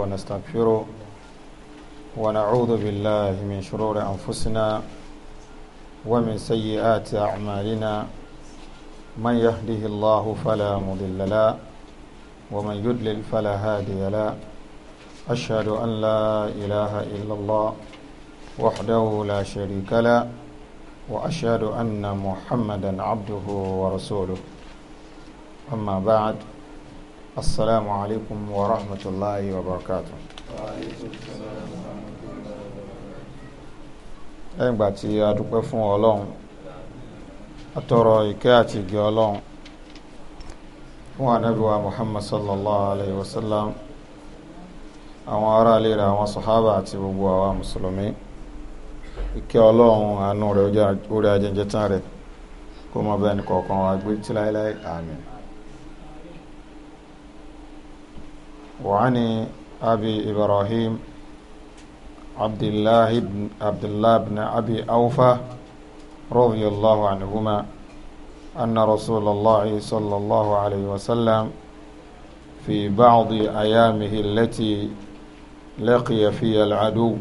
ونستغفره ونعوذ بالله من شرور أنفسنا ومن سيئات أعمالنا من يهده الله فلا مضل له ومن يدلل فلا هادي له أشهد أن لا إله إلا الله وحده لا شريك له وأشهد أن محمدا عبده ورسوله أما بعد السلام عليكم ورحمة الله وبركاته lẹ́yìn ìgbà tí a dúpẹ́ fún ọlọ́run àtọrọ ìkẹ́ àti ìgẹ́ ọlọ́run fún anábíwá muhammad sallallahu alayhi wa sallam àwọn ará ilé rẹ̀ àwọn sàhábà àti gbogbo àwa mùsùlùmí ìkẹ́ ọlọ́run àánú rẹ̀ orí ajẹ́jẹ́ tán rẹ̀ kó mọ́ bẹ́ẹ̀ ni kọ̀ọ̀kan wa gbé tí láéláé وعن أبي إبراهيم عبد الله بن عبد الله بن أبي أوفى رضي الله عنهما أن رسول الله صلى الله عليه وسلم في بعض أيامه التي لقي فيها العدو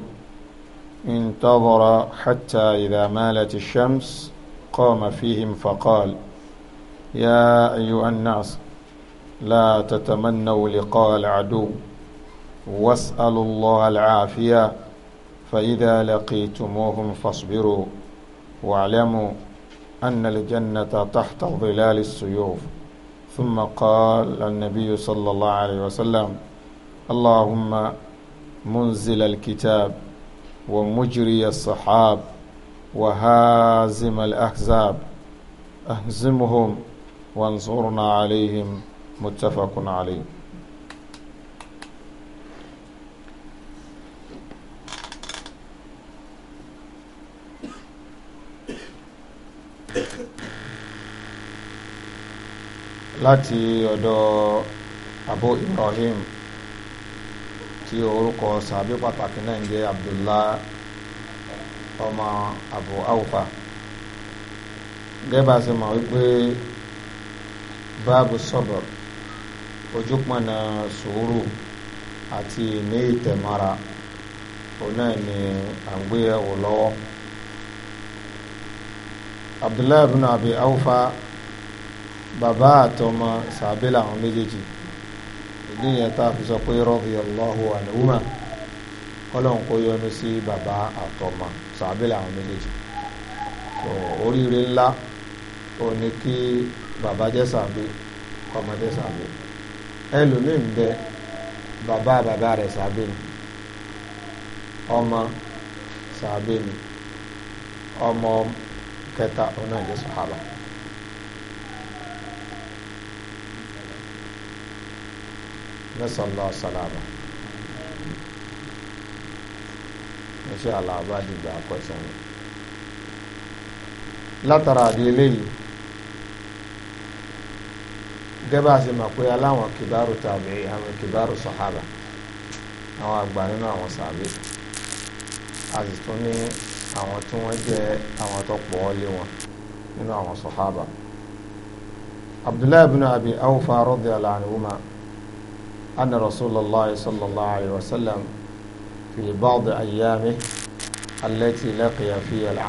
انتظر حتى إذا مالت الشمس قام فيهم فقال يا أيها الناس لا تتمنوا لقاء العدو واسألوا الله العافية فإذا لقيتموهم فاصبروا واعلموا أن الجنة تحت ظلال السيوف ثم قال النبي صلى الله عليه وسلم اللهم منزل الكتاب ومجري الصحاب وهازم الأحزاب أهزمهم وانصرنا عليهم متفق عليه láti ọ̀dọ̀ Abu Ibrahim tí orúkọ sàbí pàtàkì náà ń jẹ́ Abdullah ọmọ Abu Awfa gẹ́gẹ́ bá ṣe mọ̀ wípé báàbù sọ̀bọ̀rọ̀ ojúpọ̀nà sùúrù àti ìní ìtẹ̀mára òun náà ni à ń gbé ẹ̀wò lọ́wọ́ abdullahi ibn abi awfa bàbá àtọmọ sàbílà àwọn méjèèjì ìdí yẹn tá a fi sọ pé radiyallahu anhuma kọ́lọ́hún kó yọ́nú sí bàbá àtọmọ sàbílà àwọn méjèèjì oríire ńlá òun ni kí bàbá jẹ́ ẹlòmíín bẹ bàbá bàbá rẹ̀ sàbẹ̀ ni ọmọ sàbẹ̀ ni ọmọ kẹta ọ̀nà ìjẹ́ sàhábà. nasala salama inshallah abadi gba question látara àdìyẹ lẹ́yìn gẹ́gẹ́ àti mọ̀ pé aláwọn kìbáru tàbí àwọn kìbáru sọ̀hábà àwọn àgbà nínú àwọn sàbí a sì tún ní àwọn tí wọ́n jẹ́ àwọn tó pọ̀ lé wọn nínú àwọn sọ̀hábà abdullahi ibn abi awfa radiyallahu anhuma anna rasulallah sallallahu alayhi wa sallam fi ba'd ayyami allati laqiya fiha al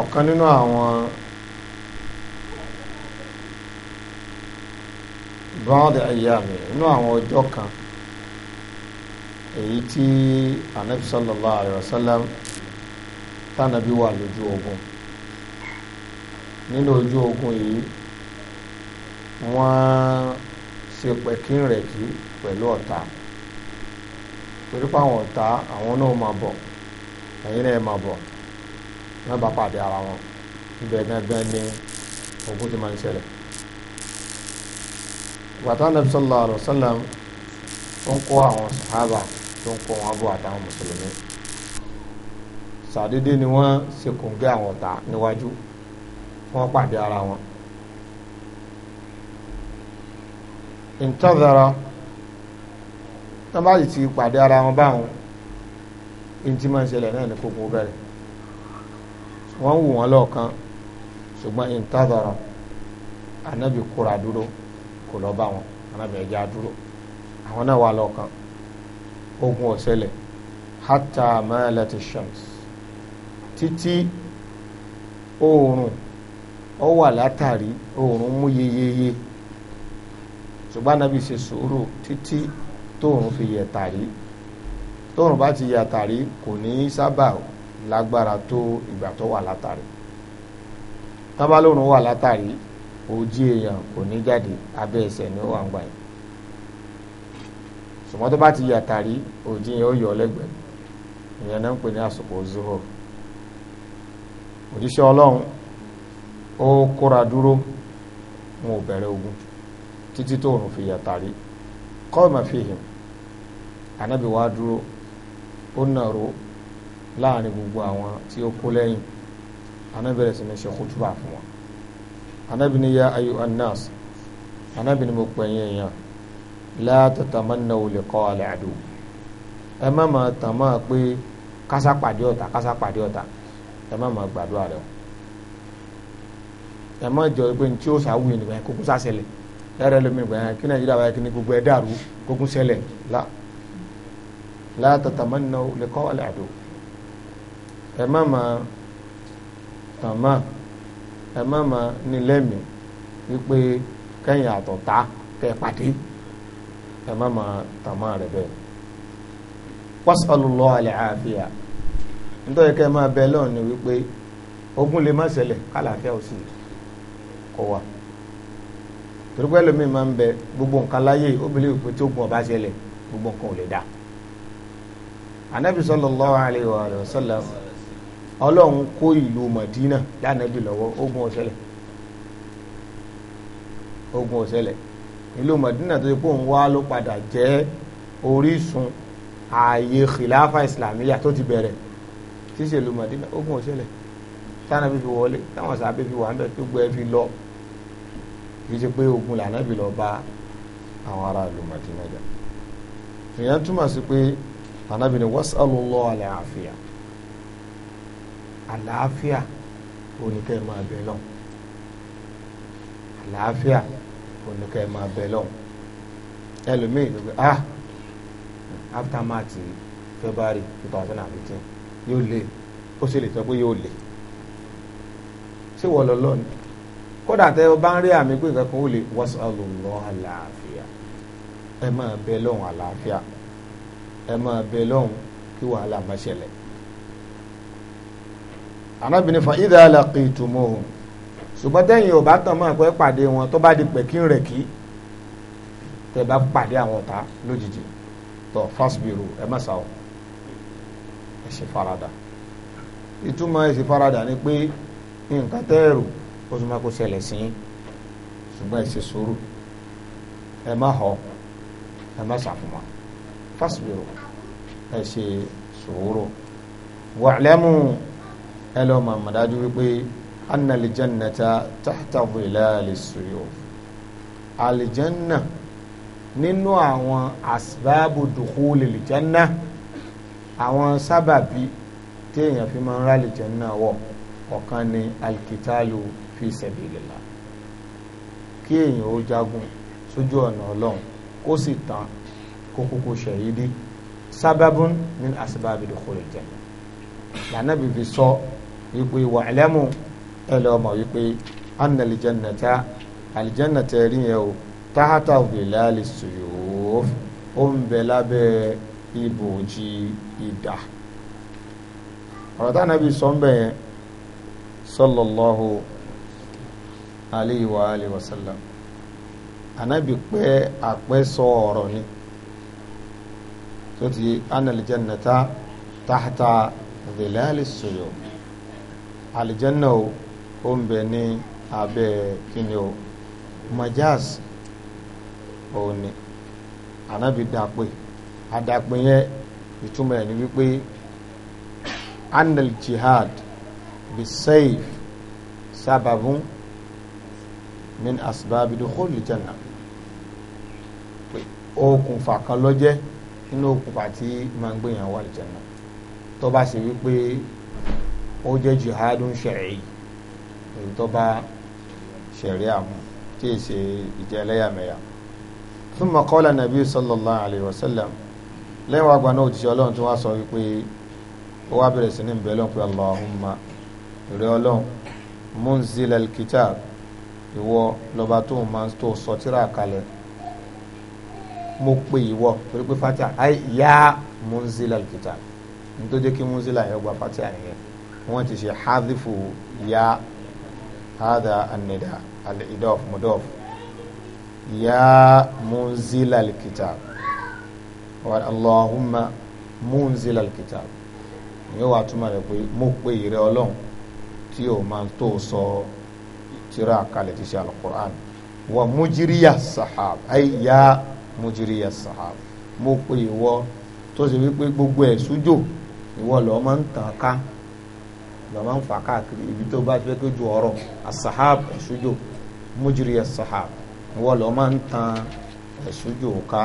ọ̀kan nínú àwọn. bọ́ọ̀dì ayáàmì inú àwọn ọjọ́ kan èyí tí anabi sallallahu alayhi wa sallam tánàbí wà lójú ogun nínú ojú ogun yìí wọ́n ṣe pẹ̀kínrẹ̀kí pẹ̀lú ọ̀tá torí pé àwọn ọ̀tá àwọn náà máa bọ̀ ẹ̀yin náà máa bọ̀ wọ́n bá pàdé ara wọn ibẹ̀ gangan ni ogun ti máa ń ṣẹlẹ̀ bàtà nàbí sallallahu alaihi wasallam tó ń kó àwọn sàhábà tó ń kó wọn bọ̀ àtàwọn mùsùlùmí sàdédé ni wọ́n ṣe kòǹgẹ́ àwọn ọ̀tá níwájú wọ́n pàdé ara wọn. ìntàzára tán bá sì ti pàdé ara wọn báwọn ntí máa ń ṣẹlẹ̀ náà ní kókó bẹ̀rẹ̀ wọ́n wù wọ́n lọ́ọ̀kan ṣùgbọ́n ìntàzára ànábì kóra dúró kò lọ bá wọn anábìyẹn já dúró àwọn náà wà lọ́kàn ogun ó ṣẹlẹ̀ hatta malati shams títí oòrùn ó wà látàrí oòrùn mú yeyeye ṣùgbọ́n anábì ṣe sùúrù títí tóòrùn fi yẹ̀ tàrí tóòrùn bá ti yẹ̀ tàrí kò ní sábà lágbára tó ìgbà tó wà látàrí tábàlórun wà látàrí ojú èèyàn kò ní jáde abẹ́ ẹsẹ̀ ni ó wà ń gbà yìí ṣùgbọ́n tó bá ti yàtàrí ojú yẹn ó yọ ọlẹ́gbẹ̀ẹ́ ìyẹn náà ń pè ní àsopọ̀ zuhur òjíṣẹ́ ọlọ́run ó kóra dúró wọn ò bẹ̀rẹ̀ ogun títí tó òrùn fi yàtàrí kọ́ọ̀mà fihìm ànábì wá dúró ó nàró láàrin gbogbo àwọn tí ó kó lẹ́yìn ànábì bẹ̀rẹ̀ sí ní ṣe kútúbà fún wọn anabi ni ya ayu anas anabi ni mo pè yín èèyàn la tatamannaw liqa'a al-adu ẹ má máa tàn máa pé kásápàdé ọ̀tá kásápàdé ọ̀tá ẹ má máa gbàdúrà rẹ o ẹ má jọ pé ní tí ó sáwù yìí nìkan kókó sásẹlẹ̀ ẹ rẹ lómi nìkan kí nàìjíríà wáyé kí gbogbo ẹ dàrú kókó ṣẹlẹ̀ la la tatamannaw liqa'a al-adu ẹ má máa tàn ẹ má ma ní lẹ́mìí wípé kẹ́yìn àtọ̀tá kẹ́ pàdé ma tàmá rẹ̀ bẹ́ẹ̀. wasalulọ alẹ́ àfíà nítorí kẹ́ máa bẹ ni wípé ogun lè má ṣẹlẹ̀ kálàáfíà ò sì kọ wa torí máa ń bẹ gbogbo nǹkan láyé obìnrin ìpè tí ogun ọba ṣẹlẹ̀ gbogbo nǹkan ò lè dá. anabi ọlọ́run kó ìlú Mọ̀dínà lánàbí lọ́wọ́ ogun ọ̀sẹ̀lẹ̀ ogun ọ̀sẹ̀lẹ̀ ìlú Mọ̀dínà tó yẹ kó ń wá ló padà jẹ́ orísun ààyè khilafa islamiyya tó ti bẹ̀rẹ̀ tí ṣe ìlú Mọ̀dínà ogun ọ̀sẹ̀lẹ̀ tánàbí fi wọlé táwọn sábẹ́ fi wà ń bẹ̀ tó gbẹ fi lọ kì í ṣe pé ogun lànàbí lọ bá àwọn ará ìlú Mọ̀dínà jà ìyẹn túmọ̀ sí pé ànàbí ni wasallallahu àlàáfíà oníkẹ́ máa bẹ̀ lọ́wọ́ àlàáfíà oníkẹ́ máa bẹ̀ lọ́wọ́ ẹlòmíì ló gbé ah after march february two thousand and fifteen yóò lè ó sì lè sọ pé yóò lè ṣé wọ́n lọ lọ́ọ̀ni kódà tẹ ọ bá ń rí àmì pé nǹkan kan ó lè wasallallahu àlàáfíà ẹ máa bẹ lọ́hùn àlàáfíà ẹ máa bẹ lọ́hùn kí wàhálà má ṣẹlẹ̀ arábìnrin fa idha laqitumuhum ṣùgbọ́n tẹ́yìn ò bá tàn mọ́ ẹ̀kọ́ pàdé wọn tó bá di pẹ̀kín rẹ̀ kí tẹ́ bá pàdé àwọn ọ̀tá lójijì tó fasbiru ẹ má sá o ẹ ṣe farada ìtumọ̀ ẹ ṣe farada ni pé nǹkan tẹ́ẹ̀rù ó tún máa kó ṣẹlẹ̀ sí yín ṣùgbọ́n ẹ ṣe sùúrù ẹ má họ ẹ má ṣàfùmọ́ fasbiru ẹ ṣe sùúrù wa'lamu ẹ lọ mọ̀ mọ̀ dájú wípé anna alìjẹ́nàta tahta dhilali suyuf alìjẹ́nà nínú àwọn asbábù dukhuli alìjẹ́nà àwọn sábàbí téèyàn fi máa ń rà alìjẹ́nà wọ̀ ọ̀kan ni alkitalu fi sabilillah kí èèyàn ó jagun sójú ọ̀nà ọlọ́run kó sì tán kó kúkú ṣẹ̀yídí sábàbùn min asbábù dukhuli alìjẹ́nà lànà bìbí sọ. So, wípé wa'lamu ẹ lọ mọ̀ wípé anna aljannata aljannata rí yẹn o tahta dhilali suyuf ó ń bẹ lábẹ́ ibòji idà ọ̀rọ̀ táwọn ẹbí sọ ń bẹ̀ yẹn sallallahu alayhi wa sallam anabi pé àpẹsọ ọ̀rọ̀ ni tó ti anna aljannata tahta dhilali suyuf àlìjẹ́nà o ó ń bẹ ní abẹ́ kíni o majaz òun ni ànábì dàpè àdàpè yẹn ìtumọ̀ ẹ̀ ni wípé anil jihad bisayf sababun min asbabi dukhul janna pé okùnfà kan ló jẹ́ nínú okùnfà tí máa gbé yàn wà lìjànà tó bá ṣe wípé ó jẹ́ jihadun ṣẹ̀rí èyí tó bá ṣẹ̀rí àmú tí è ṣe ìjẹ́ ẹlẹ́yàmẹ̀yà thumma qala nàbí sallallahu alaihi wa sallam lẹ́wọ̀n àgbà náà òjíṣẹ́ ọlọ́run tó wá sọ wípé ó wá bẹ̀rẹ̀ sí ní bẹ̀rẹ̀ lọ́n pé rẹ ọlọ́run munzil alkitab ìwọ lọ́ba tó máa tó sọ tírà kalẹ̀ mo pe ìwọ pẹ̀lú pé fatia ayé ya nítorí kí gba fatia wọ́n ti ṣe hadhifu ya hadha anida al-idof mudof ya munzila al-kitab wa allahumma munzila al-kitab yóò wá túmọ̀ rẹ̀ pé mo pe ìrẹ́ ọlọ́run tí o máa tó sọ tírà kalẹ̀ ti ṣe alukur'an wa mujiriya sahab ayi ya mujiriya sahab mo pe ìwọ tó ṣe wípé gbogbo ẹ̀ sójò ìwọ lọ́ọ́ máa ń tàn ká lọ́mọ ń fà káàkiri ibi tó bá fẹ́ kójú ọ̀rọ̀ asahab ẹ̀ṣújò mujiri asahab wọ́n lọ́ máa ń tan ẹ̀ṣújò ká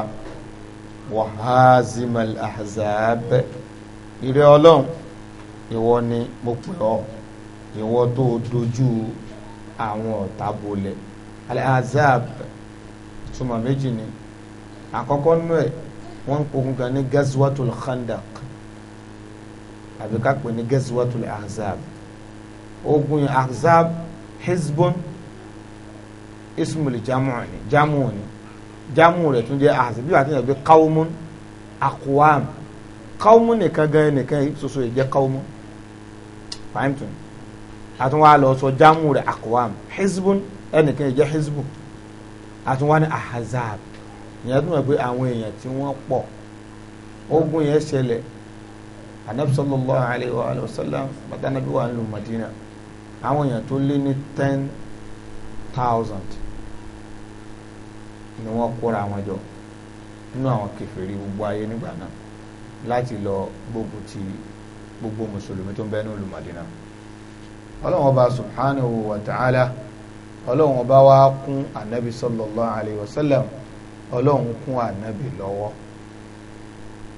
wàházimal ahzab ìrẹ́ ọlọ́run ìwọ ni mo pè ọ́ ìwọ tó dojú àwọn ọ̀tá bolẹ̀ alahazab túmọ̀ méjì ni àkọ́kọ́ nú ẹ̀ wọ́n ń pokùn kan ní gazwatul khandaq àbí ká pè ní gẹ́síwọ́tò ahzab ogun ahzab hezbon ismuli jamuani jamuani jamu rẹ̀ tún jẹ́ ahzab bí wàá tún yẹ bí kawmun akuwam kawmun nìkan gan nìkan soso yìí jẹ́ kawmun fahimtun àtúnwá lọ sọ jamu rẹ̀ akuwam hezbon ẹnìkan yìí jẹ́ hezbon àtúnwá ní ahzab ìyẹn tún yẹ pé àwọn èèyàn tí wọ́n pọ̀ ogun yẹn ṣẹlẹ̀ anabi sallallahu alayhi wa sallam bàtà nàbí wà lù madina àwọn èèyàn tó lé ní ten thousand ni wọ́n kóra wọn jọ nínú àwọn kèfèrí gbogbo ayé nígbà náà láti lọ gbógun ti gbogbo mùsùlùmí tó ń bẹ ní ìlú madina ọlọ́run ọba subhanahu wa ta'ala ọlọ́run ọba wa kún anabi sallallahu alayhi wa sallam ọlọ́run kún anabi lọ́wọ́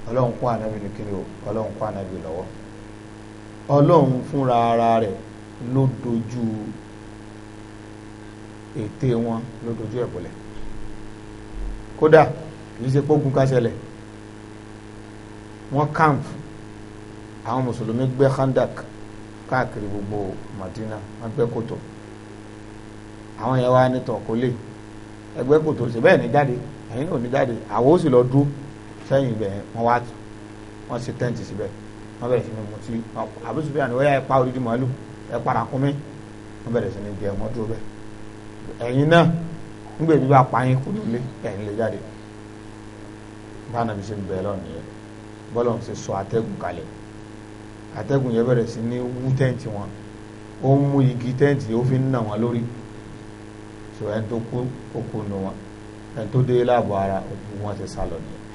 ọlọ́run kún ànábì ní kíni o ọlọ́run kún ànábì lọ́wọ́ ọlọ́run fúnra ara rẹ̀ ló dojú ète wọn ló dojú ẹ̀ bọ̀lẹ̀ kódà kì í ṣe pógun ká ṣẹlẹ̀ wọ́n camp àwọn mùsùlùmí gbẹ́ khandak káàkiri gbogbo Madina wọ́n gbẹ́ kòtò àwọn yẹn wá ní tọ̀kọ́lé ẹgbẹ́ kòtò ṣe bẹ́ẹ̀ ní jáde ẹ̀yin ò ní jáde àwọn sì lọ dúró sẹ́yìn ibẹ̀ wọ́n wá wọ́n ṣe tẹ́ǹtì síbẹ̀ wọ́n bẹ̀rẹ̀ sí ní mutí àbúrò bíi àná ẹ pa odidi màálù ẹ para kúnmí wọ́n bẹ̀rẹ̀ sí ní jẹ wọ́n dúró bẹ́ẹ̀ ẹ̀yin náà nígbà èmi bá pa yín kò ní lé ẹ̀yin lè jáde bá nàbí ṣe ń bẹ̀rẹ̀ lọ́nà yẹn bọ́lọ̀ ń ṣe sọ atẹ́gùn kalẹ̀ atẹ́gùn yẹn bẹ̀rẹ̀ sí ní wú tẹ́ǹtì wọn ó mú igi tẹ́ǹtì ó fi ń nà wọn lórí ṣùgbọ́n ẹni tó kú ó kú nu wọn ẹni tó dé láàbọ̀ ara òkú wọn ti sálọ nìyẹn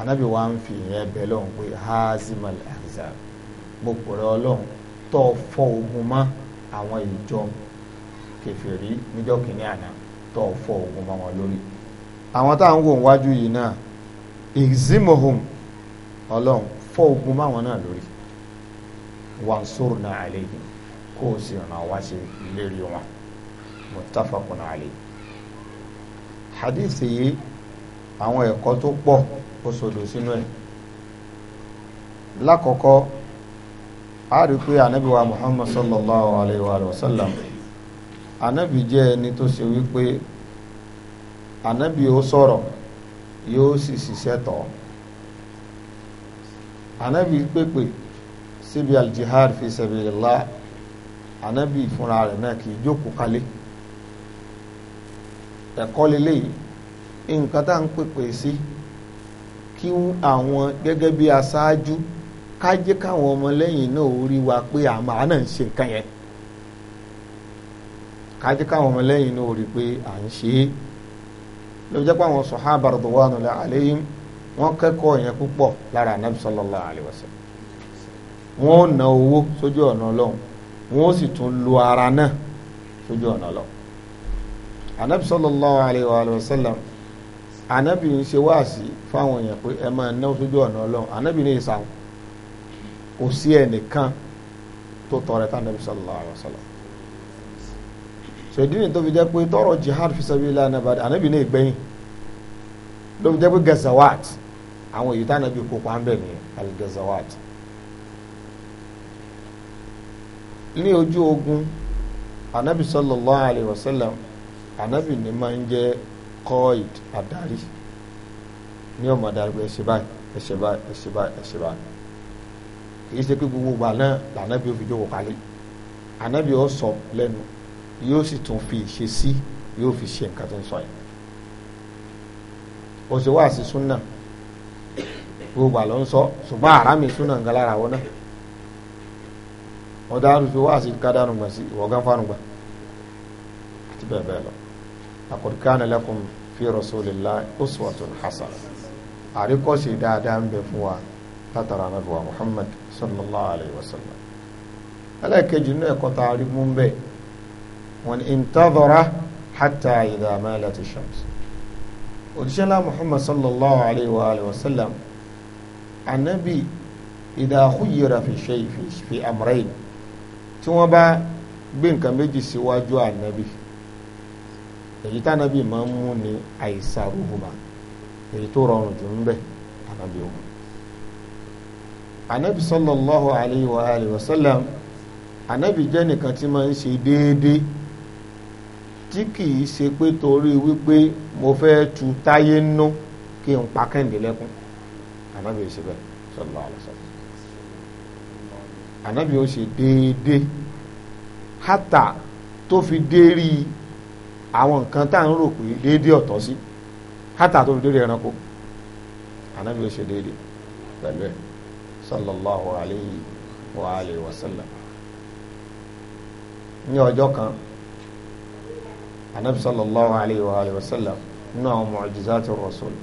anabi wa ń fi ìyẹn bẹ lọ́hùn pé hazimal ahzab gbogbo rẹ ọlọ́hun tó fọ́ ogun mọ́ àwọn ìjọ kèfèrí níjọ́ kìíní àná tó fọ́ ogun mọ́ wọn lórí àwọn táwọn wò wájú yìí náà ìzímọ̀hùn ọlọ́hun fọ́ ogun mọ́ àwọn náà lórí wansurna alayhim kó o sì ràn wá sí lérí wọn muttafaqun alayhi hadith yìí àwọn ẹ̀kọ́ tó pọ̀ kó sodò sínú ẹ̀ lákọ̀ọ́kọ́ a rí pé ànábì wa muhammad sallallahu alayhi wa sallam ànábì jẹ́ ẹni tó ṣe wípé ànábì ó sọ̀rọ̀ yóò sì ṣiṣẹ́ tọ̀ ànábì pèpè síbi aljihad fi sabilillah ànábì fúnra rẹ̀ náà kì í jókòó kalẹ̀ ẹ̀kọ́ lélẹ́yìí nǹkan tá à ń pèpè sí. Si kí àwọn gẹ́gẹ́ bí aṣáájú ká jẹ́ káwọn ọmọlẹ́yìn náà ó rí wa pé àmọ́ àá náà ń ṣe nǹkan yẹn ká jẹ́ káwọn ọmọlẹ́yìn náà ó rí pé à ń ṣe é ló pé àwọn sọ̀hábà radwanullahi alayhim wọ́n kẹ́kọ̀ọ́ yẹn púpọ̀ lára anabi sallallahu alayhi wa wọ́n na owó sójú ọ̀nà ọlọ́run wọ́n ó sì tún lu ara náà sójú ọ̀nà ọlọ́run anabi sallallahu alayhi wa sallam anabi ń ṣe wáàsí fáwọn èèyàn pé ẹ máa náwó sójú ọ̀nà ọlọ́run anabi ní ìsàwọn kò sí ẹnìkan tó tọrẹ tá anabi sallallahu alaihi wasallam sèdí ni tó fi jẹ́ pé tọrọ jihad fi sabilillah anabadi anabi ní ìgbẹ̀yìn ló fi jẹ́ pé gazawat àwọn èyí tá anabi kópa ń bẹ̀ nìyẹn al-gazawat ní ojú ogun anabi sallallahu alaihi wasallam anabi ni máa ń jẹ́ kọ́ọ̀d adarí ní ọmọ adarí pé ẹsẹ̀ báyìí ẹsẹ̀ báyìí ẹsẹ̀ báyìí ẹsẹ̀ báyìí kì í ṣe pé gbogbo ìgbà náà lànàbí ó fi jókòó kalẹ̀ ànàbí ó sọ lẹ́nu yóò sì tún fi ṣe sí yóò fi ṣe nǹkan tó ń sọ yẹn ó ṣe wá sí súnà gbogbo àlọ́ ń sọ ṣùgbọ́n àràmì súnà nǹkan lára wọn náà wọ́n dárú fi wá sí kádàrú gbà sí ìwọ̀gán àti bẹ́ẹ̀ bẹ́ẹ̀ lọ laqad kana lakum fi rasulillahi uswatun hasana àríkọ́sí dáadáa ń bẹ fún wa látara anabi wa muhammad sallallahu alayhi wa sallam ẹlẹ́ẹ̀kejì inú ẹ̀kọ́ tá a rí mú bẹ́ẹ̀ wọn intadhara hatta idha malat ash-shams òjíṣẹ́ ńlá muhammad sallallahu alayhi wa alayhi wa sallam anabi idha khuyira fi shay fi amrayn tí wọ́n bá gbé nǹkan méjì síwájú anabi. Si èyí tánàbí máa ń mú ni àìsàrúhùmá èyí tó rọrùn jù ń bẹ anabi anabi sallallahu alayhi wa alayhi wa sallam anabi jẹ́ nìkan tí máa ń ṣe déédéé tí kìí ṣe pé torí wípé mo fẹ́ tu táyé nú n pa anabi ò ṣe bẹ́ẹ̀ sallallahu alayhi wa sallam anabi ò ṣe déédéé hátà àwọn nǹkan tá à ń rò pé déédéé ọ̀tọ̀ sí hátà tó fi dórí ẹranko ànábi ó ṣe déédéé pẹ̀lú ẹ̀ sallallahu alayhi wa alayhi wa sallam ní ọjọ́ kan ànábi sallallahu alayhi wa alayhi wa sallam nínú àwọn mu'jizati rasul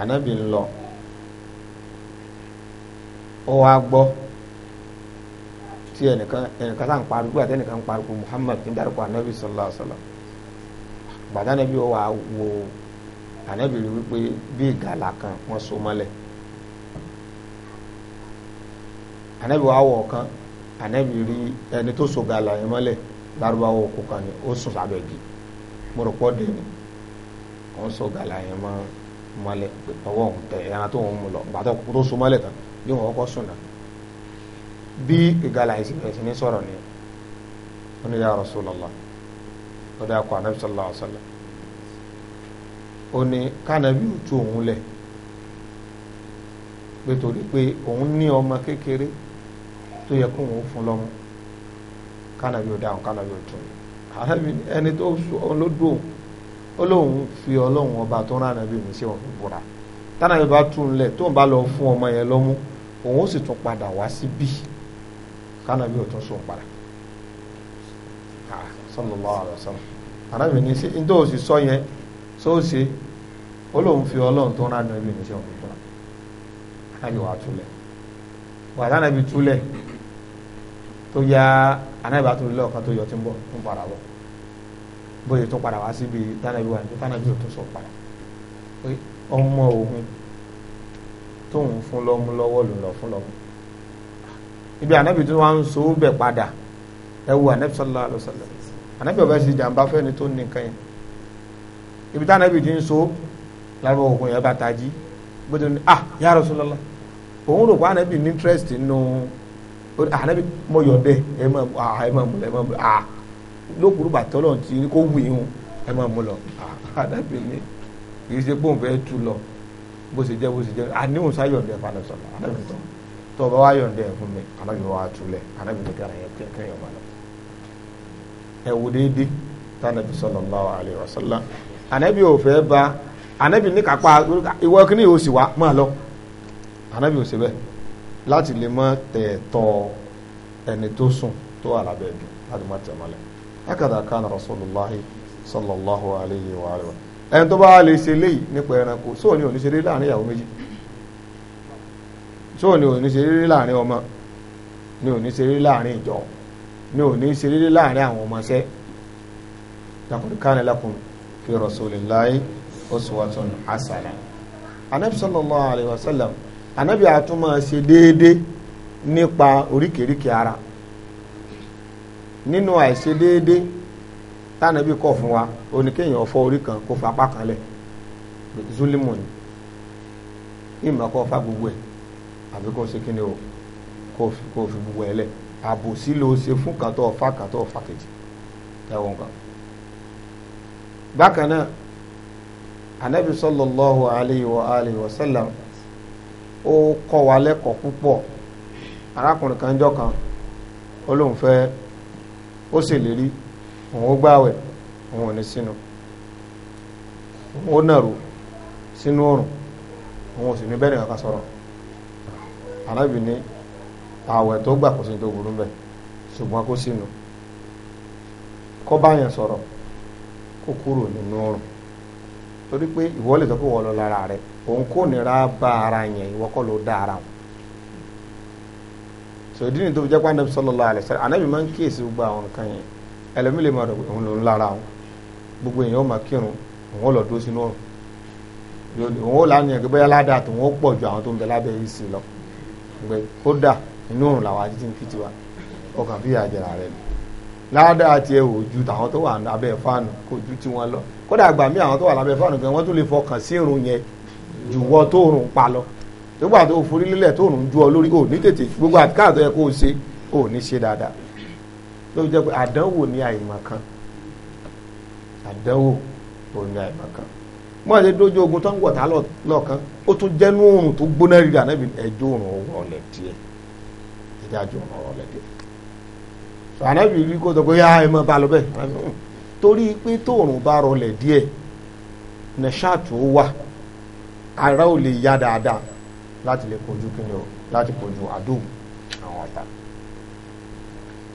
ànábi ń lọ ó wá gbọ́ tí ẹnìkan ẹnìkan sáà ń pariwo àti ẹnìkan ń pariwo Muhammad ń darúkọ anabi sallallahu alaihi wasallam gbàdá anabi wọ wá wo anabi rí wípé bí ìgàlà kan wọ́n so mọ́lẹ̀ anabi wà wọ̀ kan anabi rí ẹni tó so gàlà yẹn mọ́lẹ̀ lárúbáwọ̀ kò kan ni ó sùn lábẹ́ gi mo rò pọ́ dẹ́ni ó ń so gàlà yẹn mọ́lẹ̀ ọwọ́ òun tẹ̀ ẹran tó ń mu lọ gbàtọ́ tó so mọ́lẹ̀ tán yóò wọ́n kọ́ sùn náà bí ìgalà ẹ̀sìn ní sọ̀rọ̀ ni wọn ni ya Rasulullah ó dá kọ anabi sallallahu alaihi wa sallam ó ní kánabi ò tú òun lẹ̀ pé torí pé òun ní ọmọ kékeré tó yẹ kó òun fún lọ́mú kánabi ò dáhùn kánabi ò tún anabi ẹni tó olódùn ó lóun fi ọlọ́run ọba tó rán anabi mi sí òun búra tánàbí bá tún lẹ̀ tóun bá lọ fún ọmọ yẹn lọ́mú òun ó sì tún padà wá síbí. Si kánàbí ò tún sùn padà sallallahu alaihi wasallam ànábì si sí nítorí òsì sọ yẹn sóòsì ó lóun fi ọlọ́run tó ń rán ànábì ní sí ọ̀hún fún un ànábì wàá túlẹ̀ wàá ànábì túlẹ̀ tó yá ànábì àtúnlẹ̀ ọ̀kan tó yọ tí ń bọ̀ ń padà bọ̀ bóyá tó padà wá síbi tánàbí wà ní tánàbí ò tún sùn padà pé ọmọ òun tóun fún lọ́mú lọ́wọ́ lòun lọ fún lọ́mú ibi ànábì tí wọ́n ń so bẹ̀ padà ẹ wo ànábì sallallahu alaihi wasallam ànábì ọ̀bẹ sì jàǹbá fẹ́ni tó ní nǹkan yẹn ibi tí ànábì ti ń so lábẹ́ òkun yẹn bá tají bó ní ah ya Rasulullah òun rò pé ànábì ní interest nù ànábì mo yọ̀ dẹ́ ẹ mọ̀ ah, ẹ mọ̀ ẹ mọ̀ ah lókùrú bàtọ́ lọ́n ti kó wù yín ẹ máa mú lọ ah, àdàbí ni kì í ṣe bóun fẹ́ tu lọ bó ṣe jẹ́ bó ṣe jẹ́ àníhùn sáyọ̀ ọ̀dẹ̀ falẹ̀ sọ̀rọ̀ àdàbí sọ̀rọ̀ tó o bá wá yọ̀ǹda ẹ̀ fún mi anábì wá túlẹ̀ anábì ní kára yẹn kékeré yẹn wà lọ. ẹ wò déédé tánàbì sallallahu alaihi wasallam anábì ò fẹ́ ba anábì ní kápá ìwọ kíní yóò sì wá máa lọ anábì ò ṣe bẹ́ẹ̀ láti lè má tẹ̀ tọ́ ẹni tó sùn tó wà lábẹ́ ẹ̀dùn láti má tẹ̀ mọ́lẹ̀ akadà kan rasulullahi sallallahu alaihi wa alihi ẹni tó bá lè ṣe léyìí nípa ẹranko sóò ní òní ṣe lé láàrin ìyàwó méjì so ni ò ni ṣe rírí láàrin ọmọ ni ò ní ṣe rírí láàrin ìjọ ni ò ní se. rírí láàrin àwọn ọmọọṣẹ́ laqad kana lakum fi rasulillahi uswatun hasana anabi sallallahu alayhi wa sallam anabi atuma ṣe déédé nípa oríkèéríkèé ara nínú àìṣe déédé tánàbí kọ̀ fún wa oníkéèyàn fọ́ orí kan kó fapá kan lẹ̀ zulimu ni ìmọ̀ kọ́ fa gbogbo ẹ̀ àbí kó ṣe kíni o kó fi kó fi bu wẹ̀lẹ̀ àbòsí ló ṣe fún kan tó ọ̀fà kan tó ọ̀fà kejì ẹ̀wọ̀n kan. bákan náà anabi sallallahu alayhi wa alayhi wa sallam ó kọ́ wa lẹ́kọ̀ọ́ púpọ̀ arákùnrin kan jọ kan ó lóun fẹ́ ó ṣèlérí òun ó gbààwẹ̀ òun ò ní sínú òun ó nàró sínú òrùn òun ò sì ní bẹ́ẹ̀ nìkan kan sọ̀rọ̀. anábì ní àwẹ̀ tó gbà kò sí tó burú mbẹ̀ ṣùgbọ́n kó sínú kó báyẹn sọ̀rọ̀ kó kúrò nínú ọrùn torí pé ìwọ lè sọ pé wọ́n lọ lára ara yẹn ìwọ kọ́ ló dá ara wọn sòdí ni tó fi jẹ́ anabi ma alaihi wasallam anabi máa ń kíyèsí gbogbo àwọn nǹkan yẹn ẹlẹ́mìí lè máa òun lòún lára wọn gbogbo èèyàn máa kírun pé kódà inú òrùn làwọn àti tí ń fi tiwa ọkàn fìyà jẹrà rẹ ni ládàá tiẹ̀ ò ju tàwọn tó wà lábẹ́ fáànù kò ju tiwọn lọ kódà àgbà mí àwọn tó wà lábẹ́ fáànù gan wọ́n tó lè fọkàn sí irun yẹn ju wọ́n tó rùn pa lọ nígbà tó forí lélẹ̀ tó rùn ju ọ lórí ò ní tètè gbogbo àtikáà yẹ kó o ṣe ò ní ṣe dáadáa ló fi jẹ́ pé àdánwò ní àìmọ̀ kan àdánwò ò ní àìmọ̀ kan wọ́n ṣe dójú ogun tó ń wọ̀tá lọ́ọ̀kan ó tún jẹ́nu oòrùn tó gbóná rírà náà ẹjọ́ oòrùn ọ̀lẹ̀ díẹ̀ ìdájọ́ oòrùn ọ̀lẹ̀ díẹ̀ sọ anábì rí kó sọ pé yá ẹ mọ bá lọ bẹ́ẹ̀ torí pé tóòrùn bá rọlẹ̀ díẹ̀ nẹ̀ṣáàtù ó wà ara ò lè yá dáadáa láti lè kojú kí ni o láti kojú àdóhùn àwọn ọ̀tá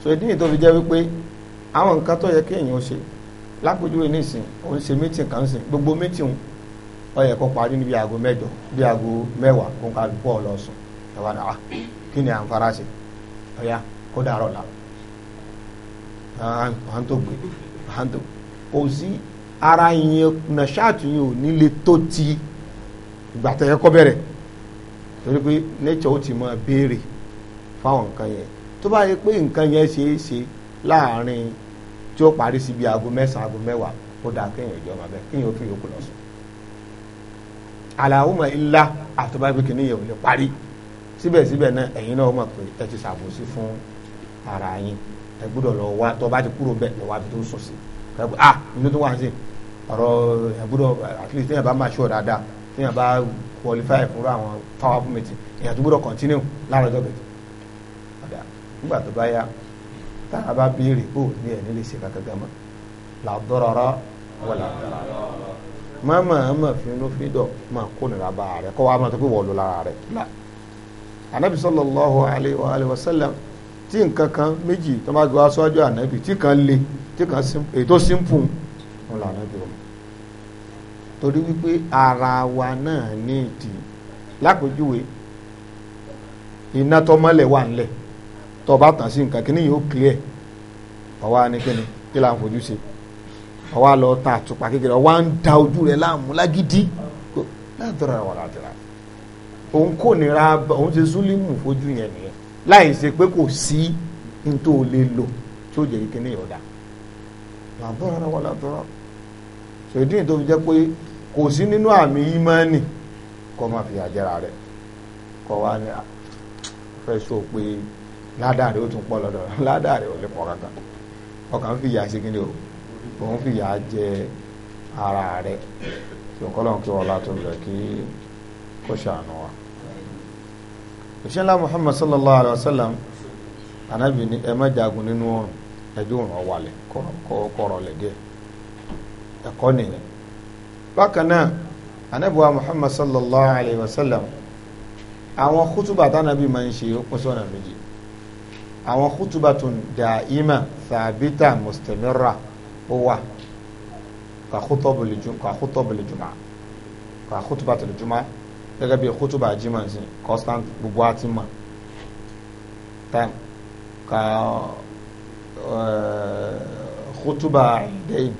so ìdí nìyí tó jẹ́ wípé àwọn nǹkan tó yẹ kéèyàn ṣe lápèjúwe nísìn òun ṣe mítìn kan sìn gbogbo mítìn ó yẹ kó parí níbi aago mẹ́jọ bí aago mẹ́wàá kó ká lù pọ̀ lọ sùn ẹ̀wà náà ah, kí ni à ń fara ṣe ó yá kó dàrọ̀ la à ń tó gbé à ń tó kò sí ara yẹn kùnà ṣáàtù yẹn ò nílé tó ti ìgbà tẹ̀yẹ kọ́ bẹ̀rẹ̀ torí pé nature ó ti máa béèrè fáwọn nǹkan yẹn tó bá yẹ pé nǹkan yẹn ṣe é ṣe láàárín tí ó parí sí bí aago mẹ́sàn-án aago mẹ́wàá ó dáa kéèyàn ìjọ máa bẹ kéèyàn ó tún yòókù lọ sùn. àlàáhùmọ̀ ilá àtọ́bá bí kìíní yẹn ò lè parí síbẹ̀síbẹ̀ náà ẹ̀yin náà mọ̀ pé ẹ ti ṣàbòsí fún ara yín ẹ gbọ́dọ̀ lọ wá tó bá ti kúrò bẹ́ẹ̀ lọ wá tó sùn sí kẹ́gbẹ́ ah inú tó wà ń sìn ọ̀rọ̀ ẹ gbọ́dọ̀ at least téèyàn bá máa ṣọ́ dáadáa téèyàn bá qualify fún àwọn powerful meeting èèyàn tó gbọ́dọ̀ continue láàárọ̀ ọjọ́ bẹ̀rẹ̀ nígbà tó bá yá tá a bá béèrè bò ní ẹ̀ nílé ṣe kankan gan mọ́ làdọ́rọ̀rọ̀ wọ́n làdọ́rọ̀ mọ́mọ́ ọmọ fínú fídọ̀ máa kó nira bá rẹ̀ kọ́ wa máa tó pé wọ́n lò lára rẹ̀ la anabi sallallahu alayhi wa alayhi wa sallam tí nǹkan kan méjì tó bá gbé wá sọ́jọ́ anabi tí kan le tí kan èyí tó wọn là anabi wọn torí wípé ara wa náà ní ìdí lápèjúwe iná tó mọ́lẹ̀ wà ńlẹ̀ tó bá tàn sí nǹkan kíní yóò clear ọwọ́ ni kíni kí là ń fojú sí ọwọ́ lọ ta àtùpà kékeré ọwọ́ ń da ojú rẹ̀ láàmú lágídí látọ̀rọ̀ àwọn àdìrà òun kò nira òun ṣe súlímù fojú yẹn nìyẹn láì ṣe pé kò sí nítorí o lè lò tí ó jẹ́ yìí kíní yọ̀ọ̀dà látọ̀rọ̀ àwọn àdìrà ṣèdí tó fi jẹ́ pé kò sí nínú àmì ìmánì kọ́ máa fi àjẹrà rẹ̀ kọ́ wá ní ah, fẹ́ sọ pé ládàá rẹ̀ ó tún pọ̀ lọ́dọ̀ ládàá rẹ̀ ó lè pọ̀ kankan ọkàn fìyà ṣe kí ni o òun fìyà jẹ ara rẹ̀ tó kọ́lọ́n kí wọ́n látò rẹ̀ kí kó ṣàánú wa. òṣèlá Muhammad sallallahu alayhi wa sallam anabi ni ẹ má jagun nínú ọrùn ẹjọ́ òrùn ọ̀wàlẹ̀ kọ̀ọ̀rọ̀ lẹ̀ díẹ̀ ẹ̀kọ́ nìyẹn. bákan náà anabi wa sallallahu alayhi wa sallam àwọn kútùbà tánàbí máa ń ṣe ó pín sọ́nà méjì àwọn khutubatun da'ima thabita mustamira ó wà ka khutubul juma ka khutubatul juma gẹ́gẹ́ bí khutuba jimá sí constant gbogbo àti mọ̀ time ka eh, khutuba ìdẹ́yìn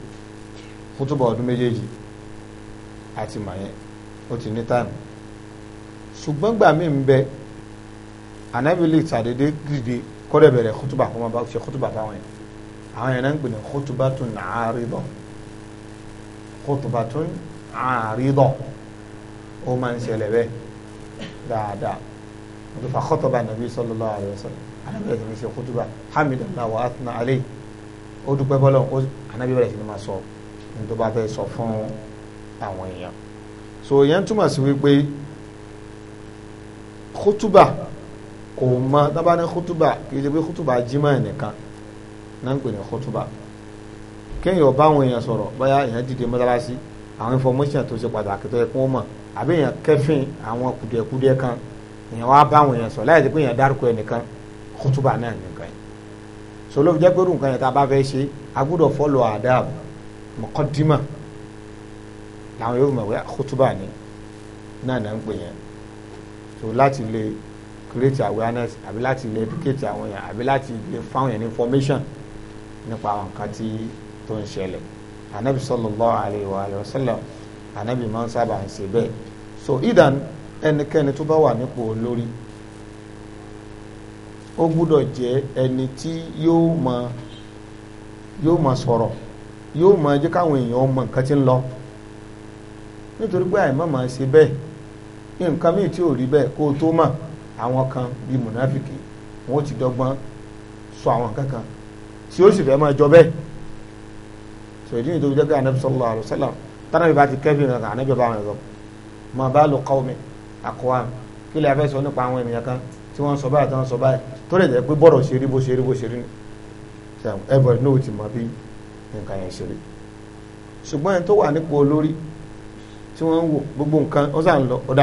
khutuba ọdún méjèèjì àti màyẹn ó ti ní time ṣùgbọ́n gbà mí ń bẹ anábìlì tàdédé dìde kọ́dọ̀ bẹ̀rẹ̀ kútùbà kó máa bá ṣe kútùbà báwọn yẹn àwọn yẹn náà ń gbìnà kútùbà tún àárídọ̀ kútùbà tún àárídọ̀ ó máa ń ṣẹlẹ̀ bẹ́ẹ̀ dáadáa wọ́n fa kọ́tọ̀bà nàbí sallallahu alaihi wasallam anábì rẹ̀ sì ní ṣe kútùbà hamidullah wa athna alayhi ó dúpẹ́ bọ́lọ̀ ó anábì rẹ̀ sì ní máa sọ ní tó bá fẹ́ sọ fún àwọn èèyàn so ìyẹn túmọ̀ sí wípé kútùbà kò mọ tábà ní kútùbà kì í ṣe kútùbà jimá nìkan náà ń pè ní kútùbà kéèyàn bá àwọn èèyàn sọ̀rọ̀ báyà èèyàn dìde mọ́tàlásí àwọn information tó ṣe pàtàkì tó yẹ kó mọ̀ àbí èèyàn kẹfìn àwọn kùdìẹ̀kùdìẹ̀ kan èèyàn wá bá àwọn èèyàn sọ̀rọ̀ láì pé èèyàn dárúkọ ẹnìkan kútùbà náà nìkan yìí sọlọ́ fi jẹ́ pé irú nǹkan yẹn tá a bá fẹ́ ṣe a gbọ́dọ̀ fọ́lọ̀ àdáàbò mọ̀kọ́dímà làwọn yóò mọ̀ pé kútùbà ni náà náà ń pè yẹn so láti lè create awareness àbí láti lè educate àwọn èèyàn àbí láti lè fáwọn èèyàn information nípa àwọn nǹkan tí tó ń ṣẹlẹ̀ anabi sallallahu alayhi wa alayhi wa sallam anabi máa ń sábà ń ṣe bẹ́ẹ̀ so idan ẹnikẹ́ni tó bá wà nípò olórí ó gbúdọ̀ jẹ́ ẹni tí yóò mọ yóò mọ sọ̀rọ̀ yóò mọ jẹ́ káwọn èèyàn mọ nǹkan tí ń lọ nítorí pé àìmọ̀ máa ṣe bẹ́ẹ̀ nǹkan míì tí ò rí bẹ́ẹ̀ kó o tó mọ̀ àwọn kan bíi mùnáfìkì wọn ó ti dọ́gbọ́n sọ àwọn kankan tí ó sì fẹ́ máa jọ bẹ́ẹ̀ sọ ìdí nìyí tó jẹ́ pé anabi sallallahu alaihi wasallam tánà bí ba ti kẹ́fìn kankan anabi bá wọn lọ mà bá lọ kọ́ mi àkọ́wá mi kí lè fẹ́ sọ nípa àwọn ènìyàn kan tí wọ́n sọ báyìí tí wọ́n sọ báyìí tó lè jẹ́ pé bọ́rọ̀ ṣe rí bó ṣe rí bó ṣe rí ni everybody know ti mọ bí nǹkan yẹn ṣe rí ṣùgbọ́n ẹni tó wà nípò olórí tí wọ́n ń wò gbogbo nǹkan ó sàn lọ ó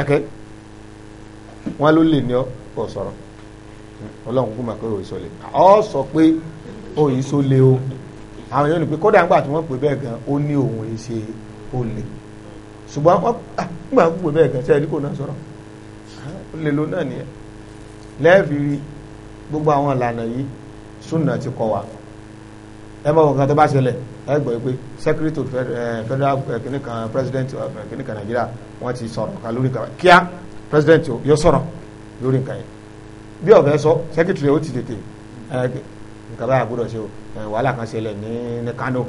wọn ló lè ní ọ kò sọ̀rọ̀ ọlọ́run kú mà pé òyìnbó lè ọ sọ pé òyìnbó lè o àwọn yóò ní pé kódà ńgbà tí wọ́n pè bẹ́ẹ̀ gan ó ní òun yìí ṣe olè ṣùgbọ́n wọ́n ah, gbà ń pè bẹ́ẹ̀ gan sẹ́yìn kò náà sọ̀rọ̀ olè ló náà nìyẹn lẹ́ẹ̀fì gbogbo àwọn ìlànà yìí súnà ti kọ wa ẹ mọ̀ nǹkan tó bá ṣẹlẹ̀ ẹ gbọ́ pé secretary federal eh, eh, kìnìkan president eh, kìnìkan nàìjíríà wọ́n ti sọ̀rọ̀ kan lórí kan kíá president yóò sọ̀rọ̀ lórí nǹkan yẹn bí ọ̀fẹ́ sọ secretary ó ti tètè nǹkan báyà gbọ́dọ̀ ṣe o wàhálà kan ṣẹlẹ̀ ní ní Kano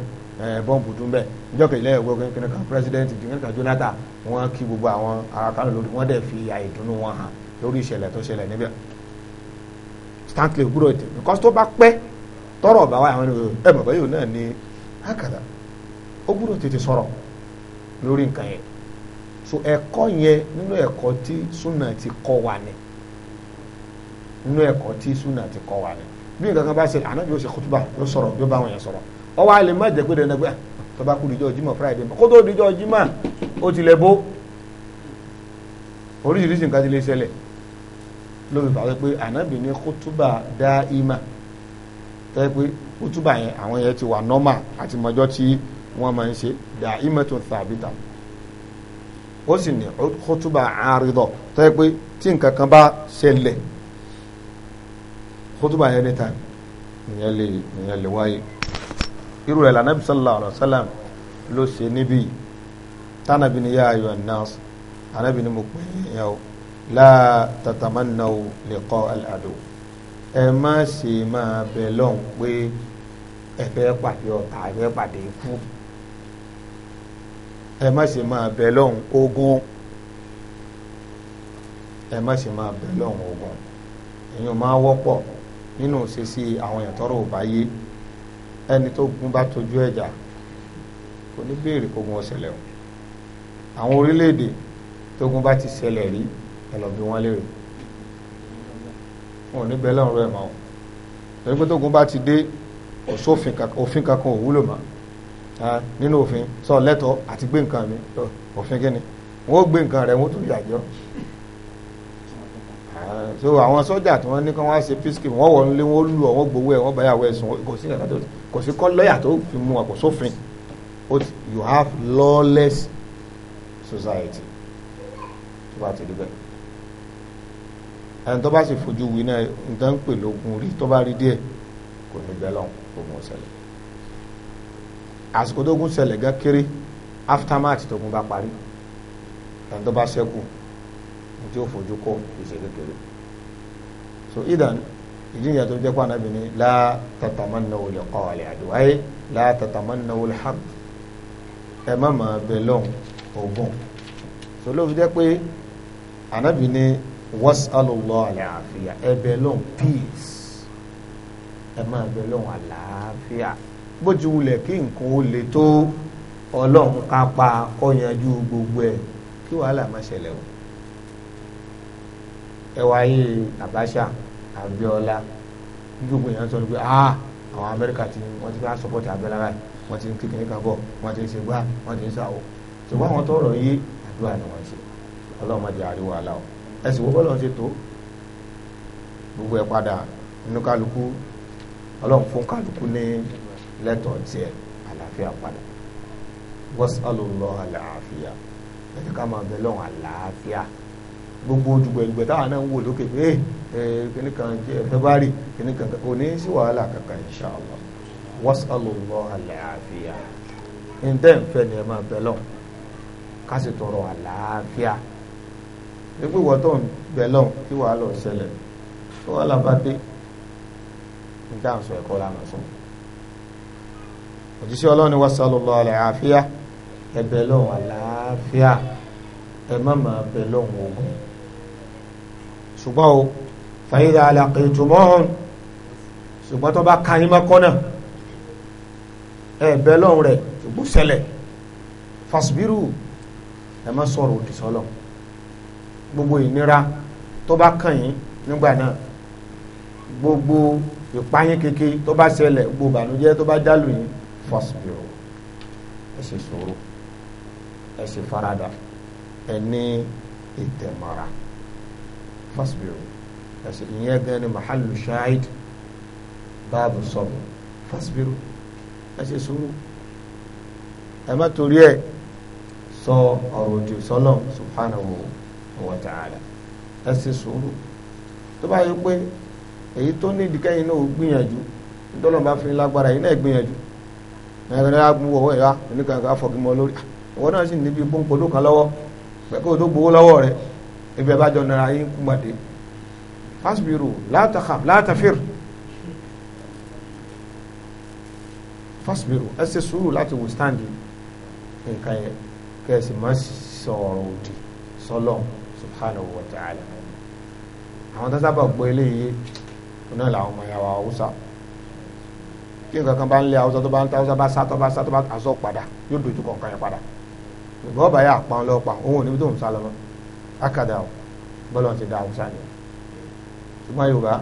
bọ́ǹbù tún ìjọ kejì lẹ́yìn ìwé kíni kan president kíni kan Jonathan wọ́n kí gbogbo àwọn ará Kano lórí wọ́n dẹ̀ fi àìdùnnú wọn hàn lórí ìṣẹ̀lẹ̀ tó ṣẹlẹ̀ níbẹ̀ Stanley gbúdọ̀ ètè because tó bá pẹ́ tọrọ ọba wa àwọn ènìyàn ẹ bàbá yòó náà ní àkàrà ó gbúdọ̀ tètè sọ̀rọ̀ lórí nǹkan yẹn so ẹ̀kọ́ yẹn nínú ẹ̀kọ́ tí súnà ti kọ́ wa ni nínú ẹ̀kọ́ tí súnà ti kọ́ wa ni bí nǹkan kan bá ṣe ànábi ó ṣe kútúbà yóò sọ̀rọ̀ yóò bá àwọn yẹn sọ̀rọ̀ ọwọ́ àlè má jẹ́ pé dandan pé ah, tó bá kú dijọ́ jimá friday kó tó dijọ́ jimá ó tilẹ̀ bó oríṣiríṣi nǹkan ti lè ṣẹlẹ̀ ló fi bàwẹ́ pé ànábi ní kútúbà dá ìmà tẹ́ pé kútúbà yẹn àwọn yẹn ti wà nọ́mà àti mọ́jọ́ tí wọ́n máa ń ṣe dá ìmà tó ń thabita ó sì ní kótóbà àárídọ̀ tó yẹ pé tí nǹkan kan bá ṣẹlẹ̀ kótóbà anytime ìyẹn lè ìyẹn lè wáyé irú ẹ̀ lànà bí sallallahu alayhi wa sallam ló ṣe níbí tánàbí ni yá ayọ̀ nas ànábì ni mo pè é yẹn o la tatamannaw liqa al-adu ẹ má ṣe máa bẹ lọ́hùn pé ẹ fẹ́ pàdé ọ̀tá ẹ fẹ́ pàdé ikú ẹ má sì máa bẹ lọ́hùn ogun ẹ má sì máa bẹ lọ́hùn ogun èèyàn máa wọ́pọ̀ nínú òṣèṣì àwọn èèyàn tọrọ ò bá yé ẹni tó gun bá tójú ẹ̀jà kò ní béèrè kó gun ọ̀sẹ̀lẹ̀ o àwọn orílẹ̀-èdè tógun bá ti ṣẹlẹ̀ rí ẹ lọ bí wọ́n léèrè wọn ò ní bẹ lọ́hùn rẹ̀ mọ́ o torí pé tógun bá ti dé òfin kankan ò wúlò nínú òfin sọ lẹ́tọ̀ àti gbé nǹkan mi òfin kí ni wọ́n gbé nǹkan rẹ̀ wọ́n tún yàjọ́ so àwọn sọ́jà tí wọ́n ní kí wọ́n ṣe píṣkì wọ́n wọ̀ nílé wọ́n lù ọ́ wọ́n gbowó ẹ̀ wọ́n báyàwó ẹ̀sùn kò sí kọ́ lọ́yà tó fi mú ọ kò sófin you have lawless society tó bá ti rí bẹ́ẹ̀ ẹni tó bá sì fojú wí náà nǹkan ń pè lógun rí tó bá rí díẹ̀ kò ní bẹ́ẹ̀ lọ́hùn kò mọ̀ ọ́ ṣẹlẹ̀ àsìkò tó gún ṣẹlẹ̀ gan kéré aftermath tó gún bá parí ẹni tó bá ṣẹ́kù ní tí ó fojú kọ́ ìṣe kékeré so idan ìjìyà tó jẹ́ pé ànábì ni la tatamannaw liqa'a al-'aduw ayé la tatamannaw al-harb ẹ má máa bẹ lọ́hùn ogun so ló fi jẹ́ pé ànábì ni was'alullaha al-'afiya ẹ bẹ lọ́hùn peace ẹ má bẹ lọ́hùn àlàáfíà bó ti wulẹ̀ kí nǹkan ó le tó ọlọ́run ká pa kó yanjú gbogbo ẹ̀ kí wàhálà má ṣẹlẹ̀ o ẹ wáyé Abacha Abiola gbogbo èèyàn sọ pé ah àwọn Amẹ́ríkà ti wọ́n ti fẹ́ sọ́pọ̀tì Abiola báyìí wọ́n ti ń kékeré kan bọ̀ wọ́n ti ń ṣègbà wọ́n ti ń ṣàwọ̀ ṣùgbọ́n àwọn tọrọ yé àdúrà ni wọ́n ṣe ọlọ́run má jẹ́ àríwá wàhálà o ẹ sì wọ́pọ̀ lọ́n ṣe tó gbogbo ẹ̀ padà nínú kálukú ọlọ́run fún kálukú ní lẹ́tọ̀ọ́ tiẹ̀ àlàáfíà padà wasalullah àlàáfíà ẹni ká máa bẹ lọ́wọ́ àlàáfíà gbogbo ojúgbẹ̀lùgbẹ̀ táwọn náà ń wò lókè pé eh, kíní kan jẹ́ february kíní kan kò ní sí wàhálà kankan inshallah wasalullah àlàáfíà ǹdẹ́ ǹfẹ́ ni ẹ máa bẹ lọ́wọ́ ká sì tọrọ àlàáfíà nígbà ìwọ tó ń bẹ lọ́wọ́ kí wàhálà ò ṣẹlẹ̀ tó wàhálà bá dé nígbà sọ ẹ̀kọ́ lánàá sọ̀rọ̀ òjíṣẹ́ ọlọ́run wa sallallahu alaihi àfíà ẹbẹ̀ lọ́hùn àlàáfíà ẹ má má bẹ lọ́hùn ogun ṣùgbọ́n o fàyídà àlàkè ìtumọ̀ hàn ṣùgbọ́n tó bá ka yín mọ́kọ́ náà ẹbẹ̀ lọ́hùn rẹ̀ ṣùgbọ́n ṣẹlẹ̀ fàṣbírù ẹ má sọ̀rọ̀ òdì sọ́lọ̀ gbogbo ìnira tó bá kàn yín nígbà náà gbogbo ìpáyín kékeré tó bá ṣẹlẹ̀ gbogbo ìbànújẹ́ tó bá jálù yín fọ́sibírò ẹ ṣe sùúrù ẹ ṣe faradà ẹ ní ìtẹ̀mọ́ra fọ́sibírò ẹ ṣe ìyẹn gan ni mahalu shahid báàbù sọ̀bù fọ́sibírò ẹ ṣe sùúrù ẹ má torí ẹ sọ ọ̀rọ̀ òdì sọ́nà subhanahu wa ta'ala ẹ ṣe sùúrù tó bá yẹ pé èyí tó ní ìdíkẹ́yìn náà ó gbìyànjú nítorí wọn bá lágbára yìí náà gbìyànjú ẹ̀rọ agbowó ọwọ́ ẹ̀yà oníkan kan afọ̀gímọ̀ lórí ọwọ́ náà sì níbi pọ́npọ́dọ́ kan lọ́wọ́ pẹ̀kọ́ tó gbowó lọ́wọ́ rẹ̀ ibẹ̀ bá jọ nara yín kúgbàdé fásbìrù látàkà látàfír fásbìrù ẹ ṣe sùúrù láti withstand nǹkan yẹn kẹ́ ẹ sì má sọ̀rọ̀ òdì sọlọ́ subhanahu wa ta'ala àwọn tó sábà gbọ́ eléyìí náà làwọn ọmọ yàrá haúsá tí nǹkan kan bá ń lé awúsá tó bá ń ta awúsá bá sá tó bá sá tó bá aṣọ padà yóò dojú kọ nǹkan yẹn padà ìbọn ọba yà pa ọlọ́ òun ò níbi tó ń sá lọ mọ́ akada o bọ́lá ti da awúsá ni ṣùgbọ́n yorùbá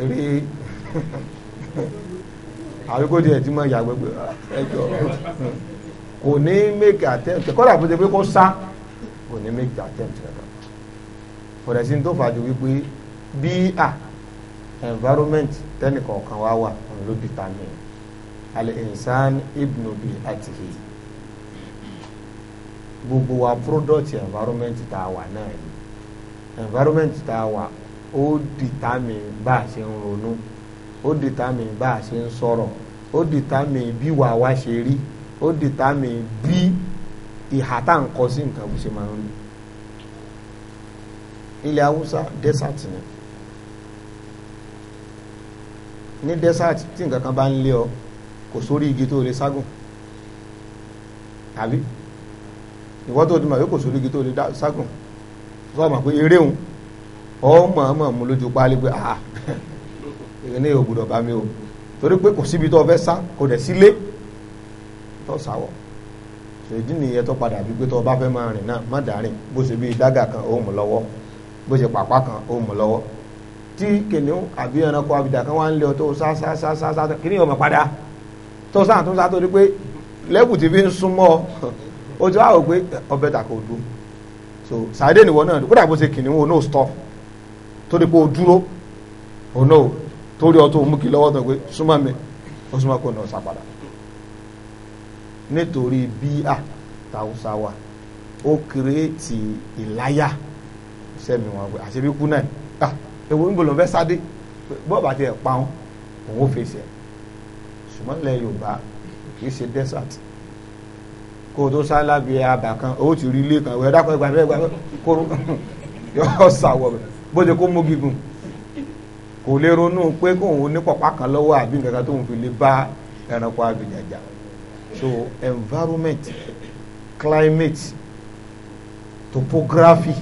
eré àdúgbò díẹ̀ tí mo yà gbogbo ẹjọ́ kò ní make attempt kọ́dà bó ṣe pé kó sá kò ní make attempt kankan kò dẹ̀ sí ní tó fàájú wípé bí a. Ah, environment tẹ́nìkan kan wá wà ló determine al-insan ibnu bi atihi gbogbo wa product environment tá a wà náà ni environment tá a wà ó determine bá a ṣe ń ronú ó determine bá a ṣe ń sọ̀rọ̀ ó determine bí wàá wá ṣe rí ó determine bí ìhà tá à ń kọ sí nǹkan bó ṣe máa ń rí ilẹ̀ haúsá desert ni ní desert tí nǹkan kan bá ń lé ọ kò sórí igi tó lè ságùn àbí ìwọ tó ti mọ̀ pé kò sórí igi tó lè ságùn tó wà pé eré òun ọ mọ̀ ọ́ mọ̀ mú lójú páálí pé ah èrè ní ògbùdọ̀ bá mi o torí pé kò síbi tó fẹ́ sá kò dẹ̀ sílé tó sáwọ̀ ṣèdí nìyẹn tó padà bí pé tó bá fẹ́ máa rìn náà má dàrin bó ṣe bí dágà kan ó mú lọ́wọ́ bó ṣe pàpá kan ó mú lọ́wọ́ tí kìnìún àbí ẹranko àbìdà kan wá ń lé ọ tó sá sá sá sá sá kí ni ọmọ padà tó sáà tó sáà tó rí pé lẹ́bù tí fi ń súnmọ́ ó ti wá rò pé ọbẹ̀ tà kò dùn so sàdé nìwọ náà kódà bó ṣe kìnìún òun náà stọ torí pé o dúró òun náà torí ọ tó mú kí lọ́wọ́ tó pé súnmọ́ mi ó súnmọ́ kó náà sá nítorí bíà tàwùsá wa ó kírètì ìláyà sẹ́mi wọn pé àṣebí kú náà èwo níbo ló ń fẹ́ sáde bọ́ọ̀bù àti ẹ̀pà wọn òun ò fèsì ẹ̀ ṣùgbọ́n ilẹ̀ yorùbá kì í ṣe desert kó o tó sáré lábẹ́ abà kan o ti rí ilé kan ìwé ẹ̀dá kan ìgbà mẹ́rin ìgbà mẹ́rin kóró yọ sàwọ̀ bó ṣe kó mógìgùn kò lè ronú pé kóun ní pọ̀pá kan lọ́wọ́ àbí nǹkan kan tóun fi lè bá ẹranko abìyànjà so environment climate topography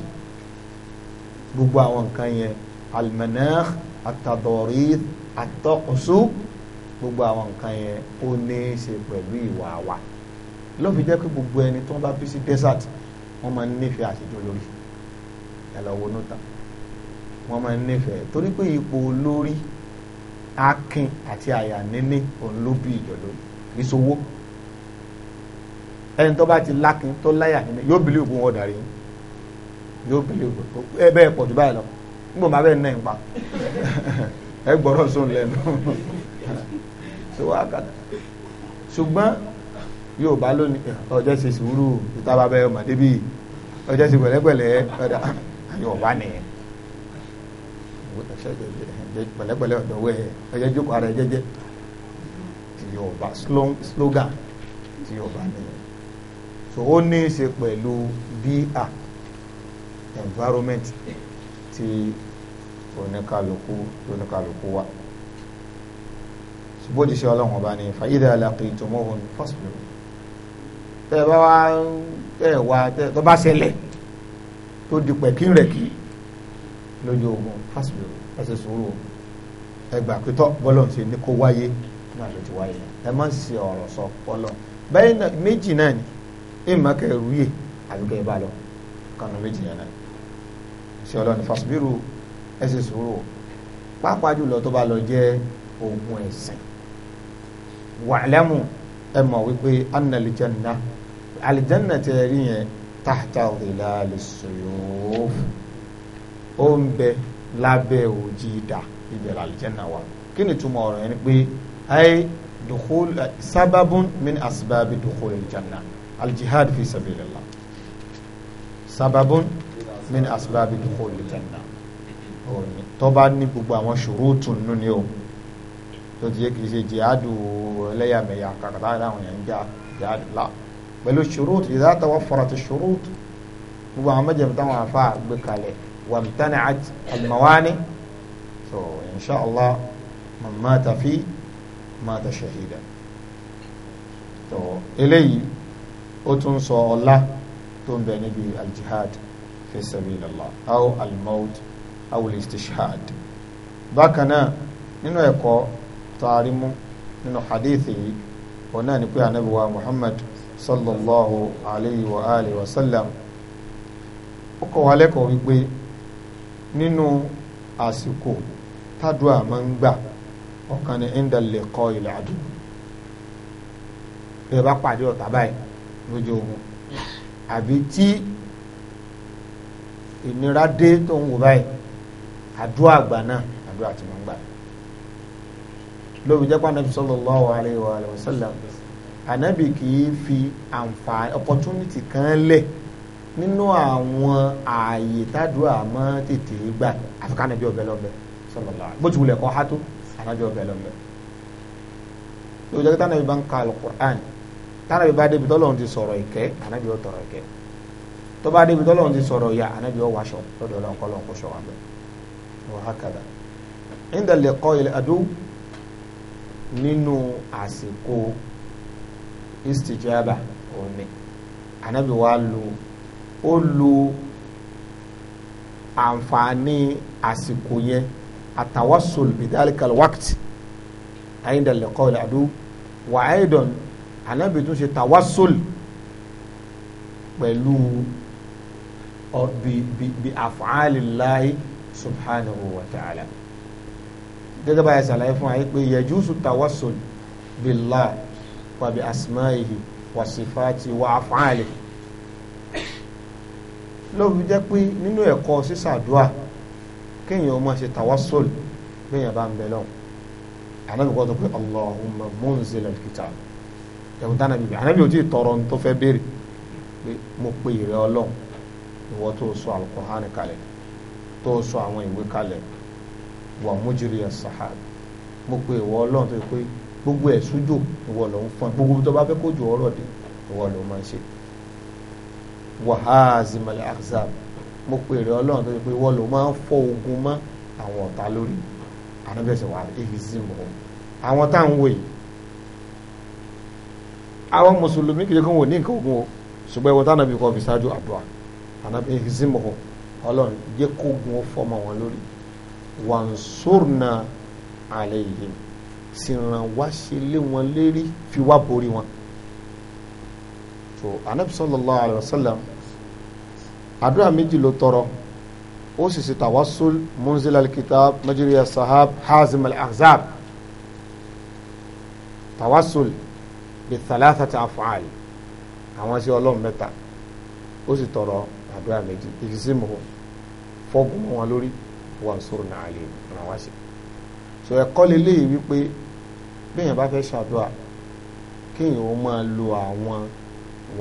gbogbo àwọn nǹkan yẹn almanakh atadọ̀rí atọ́kùsù gbogbo àwọn nǹkan yẹn ó ní í ṣe pẹ̀lú ìwà wa lọ́fi jẹ́ pé gbogbo ẹni tó ń bá bí sí desert wọ́n máa ń nífẹ̀ẹ́ àṣejọ lórí ẹ̀lọ́wọ́ nùtà wọ́n máa ń nífẹ̀ẹ́ torí pé ipò olórí akin àti àyà níní òun ló bí ìjọ lórí kì í sowó ẹni tó bá ti lákin tó láyà níní yóò bílíọ̀bù wọn darí yóò bílíọ̀bù ẹ bẹ́ẹ̀ pọ̀ jù báyìí lọ níbo bá bẹ́ẹ̀ ná ẹ̀ pa ẹ gbọ́dọ̀ sóun lẹ́nu ṣùgbọ́n yóò bá lónìí ọjọ́ ṣe sùúrù ìtaba bẹ́ẹ̀ ọmọ débi ọjọ́ ṣe pẹ̀lẹ́pẹ̀lẹ́ ọ̀dà yóò bá nìyẹn pẹ̀lẹ́pẹ̀lẹ́ ọ̀dọ̀wẹ́ ọjọ́ jókòó ara ẹ jẹ́jẹ́ ti yóò bá slogan ti yóò bá nìyẹn so ó ní í ṣe pẹ̀lú bíà environment ti oníkàlùkù oníkàlùkù wa ṣùgbọ́n ti ṣe ọlọ́run ọba ní fàyídà laqitumuhum fasbiru tẹ bá wá tẹ wá tẹ tó bá ṣẹlẹ̀ tó di pẹ̀kínrẹ̀kí lójú ogun fasbiru ẹ ṣe sùúrù ẹgbà pítọ́ bọ́lọ̀ ṣe ní kó wáyé náà ló ti wáyé ẹ má ṣe ọ̀rọ̀ sọ bọ́lọ̀ bẹ́ẹ̀ méjì náà ni ìmọ̀ kẹrù yè àbíkẹ́ bá lọ kànú méjì náà ṣe ọlọ́run fasbiru ẹ ṣe sùúrù pàápàá jùlọ tó bá lọ jẹ́ ogun ẹ̀sìn wa'lamu ẹ mọ̀ wípé anna aljanna aljanna ti rí yẹn tahta dhilali suyuf ó ń bẹ lábẹ́ òjì ìdá ìbẹ̀rẹ̀ aljanna wa kí ni túmọ̀ ọ̀rọ̀ yẹn ni pé ayé dukhul sábàbùn min asbabi dukhul aljanna aljihad fi sabilillah sábàbùn min asbabi dukhul aljanna òní tó bá ní gbogbo àwọn ṣùrúùtù nínú ni o tó ti yé kì í ṣe jihadu ẹlẹ́yàmẹ̀yà kàkàtà àwọn èèyàn ń jà jihadu la pẹ̀lú ṣùrúùtù idha tawaffarat ṣùrúùtù gbogbo àwọn mẹ́jẹ̀mú táwọn afa gbé kalẹ̀ wamtana'at al-mawani so insha allah man mata fi mata shahida so eléyìí ó tún sọ ọlá tó ń bẹ níbi aljihad fi sabilillah aw almaut awul istishhad bákan náà nínú ẹ̀kọ́ taari mú nínú hadith yìí òun náà ni pé anabi wa muhammad sallallahu alayhi wa alihi wa sallam ó kọ́ wa lẹ́kọ̀ọ́ wípé nínú àsìkò tádùá máa ń gbà ọ̀kan ní indalẹ̀ kọ́ ilẹ̀ àdúgbò bẹ́ẹ̀ bá pàdé ọ̀tá báyìí lójú ogun àbí tí ìnira dé tó ń wò báyìí àdúrà àgbà náà àdúrà tí wọ́n gbà lórí jẹ́pọ̀ anabi sallallahu alayhi wa sallam anabi kì í fi àǹfààní opportunity kan lẹ̀ nínú àwọn ààyè tádùá àmọ́ tètè gbà àfikà anabi ọ̀bẹ lọ́bẹ sallallahu bó ti wulẹ̀ kọ́ hátó anabi ọ̀bẹ lọ́bẹ lórí jẹ́pọ̀ tánàbí bá ń ka alukur'an tánàbí bá débi tọ́lọ́run ti sọ̀rọ̀ ìkẹ́ anabi ọ̀ tọ̀rọ̀ ìkẹ́ tó bá débi tọ́lọ́run ti sọ̀rọ̀ ìyà anabi ọ̀ wáṣọ lọ́dọ̀ ọlọ́nkọ́lọ́nkọ́ sọ wà bẹ́ẹ̀. وهكذا عند اللقاء العدو nínú àsìkò istijaba òní anabi wa lu ó lu àǹfààní àsìkò yẹn atawassul bidalika alwaqt عند اللقاء العدو وأيضا anabi tún ṣe tawassul pẹ̀lú bi bi bi afaalilahi subhanahu wa ta'ala gẹ́gẹ́ báyìí ṣàlàyé fún wa pé yajusu tawassul billah wa bi asma'ihi wa sifati wa af'ali lóbi jẹ́ pé nínú ẹ̀kọ́ sísàdúà kéèyàn máa ṣe tawassul béèyàn bá ń bẹ lọ́wọ́ anabi kọ́ tó pé allahumma munzil alkitab ẹ̀wọ̀n tá anabi bí ò tí ì tọrọ tó fẹ́ béèrè pé mo pe ìrẹ́ ọlọ́run ìwọ tó sọ alukur'an kalẹ̀ tó sọ àwọn ìwé kalẹ̀ wà mújírí ẹ̀sàhà mo pe ìwọ ọlọ́run tó pé gbogbo ẹ̀ sójò ìwọ ló ń fún ẹ gbogbo tó bá fẹ́ kó jò ọ̀rọ̀ dé ìwọ ló máa ń ṣe wàhálà mẹ́lẹ̀ àkàzàm mo pe ìrẹ́ ọlọ́run tó pé ìwọ ló máa ń fọ́ ogun mọ́ àwọn ọ̀tá lórí àdébẹ̀sẹ̀ wà èyí mọ́ àwọn tá à ń wò yìí àwọn mùsùlùmí kìí kó wọn ní nǹkan ogun o ṣùgbọ́n ìwọ táwọn àbíkọ́ fi ṣáájú àdúrà àdébẹ̀sẹ̀ ọlọ́run jẹ́ kógun ó fọmọ wọn lórí wansurna alayhim sì ràn wá ṣe lé wọn lérí fi wá borí wọn. so anabi sallallahu alayhi wa sallam àdúrà méjì ló tọrọ ó sì ṣe tawassul munzil alkitab majiri asahab hazim alahzab tawassul bi thalathati afaal àwọn sí ọlọ́run mẹ́ta ó sì tọrọ àdúrà méjì ìdí sí fọ́ọ̀mù wọn lórí wọn sọ̀rọ̀ náà lè ràn wá sí so ẹ̀kọ́ lélẹ́yìí wípé bẹ́ẹ̀ bá fẹ́ ṣàdúrà kéèyàn ó máa lo àwọn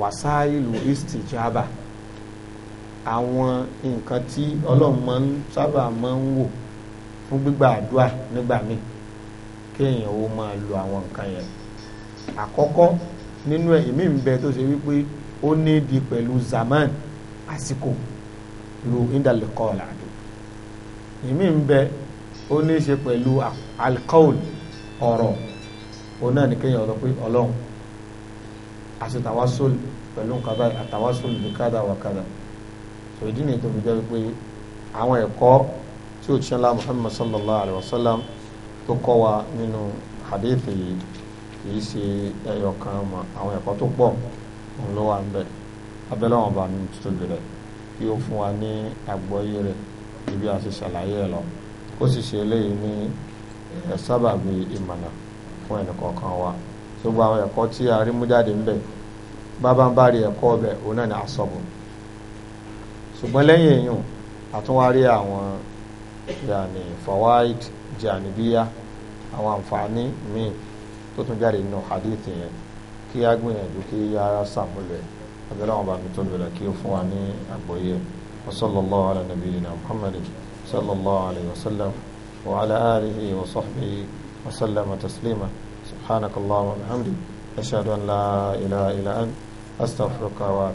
wàsáìlù istijaba àwọn nǹkan tí ọlọ́run máa ń sábà máa ń wò fún gbígbà àdúrà nígbà míì kéèyàn ó máa lo àwọn nǹkan yẹn àkọ́kọ́ nínú ẹ̀mí ń bẹ tó ṣe wípé ó ní di pẹ̀lú zaman àsìkò lu indalẹ̀kọ́ làdó ìmí ń bẹ ó ní í ṣe pẹ̀lú alkaul ọ̀rọ̀ òun náà ní kéèyàn lọ pé ọlọ́run àṣetàwásó pẹ̀lú nǹkan báyìí àtàwásó lè kádà wà kádà sọ ìdí nìyí tó fi jẹ́ pé àwọn ẹ̀kọ́ tí ó tiẹ́ la Muhammad sallallahu alayhi wa sallam tó kọ́ wa nínú hadith yìí kìí ṣe ẹyọ kan àwọn ẹ̀kọ́ tó pọ̀ òun ló wà ń bẹ abẹ́lẹ́wọ̀n bá mi tó gbẹ̀rẹ̀ kí ó fún wa ní àgbọ́yé rẹ̀ ibi àti ṣàlàyé ẹ̀ lọ kó sì ṣe eléyìí ní eh, sábàbí ìmọ̀nà fún ẹnìkọ̀ọ̀kan wa gbogbo àwọn ẹ̀kọ́ tí a rí mú jáde ń bẹ̀ bábá ń bá rí ẹ̀kọ́ ọbẹ̀ òun náà ní asọ̀bù ṣùgbọ́n lẹ́yìn èèyàn àtúnwárí àwọn yàní fawaid jàníbíyá àwọn àǹfààní míì tó tún jáde nínú hadith yẹn kí á gbìyànjú kí yára sàmúlò ẹ̀ abẹ́rẹ́ àwọn bàbá tó bẹ̀rẹ̀ kí ó fún wa ní àgbọ́yé wa sallallahu ala nabiyyina muhammad sallallahu alayhi wa sallam wa ala alihi wa sahbihi wa sallama taslima subhanakallahumma wa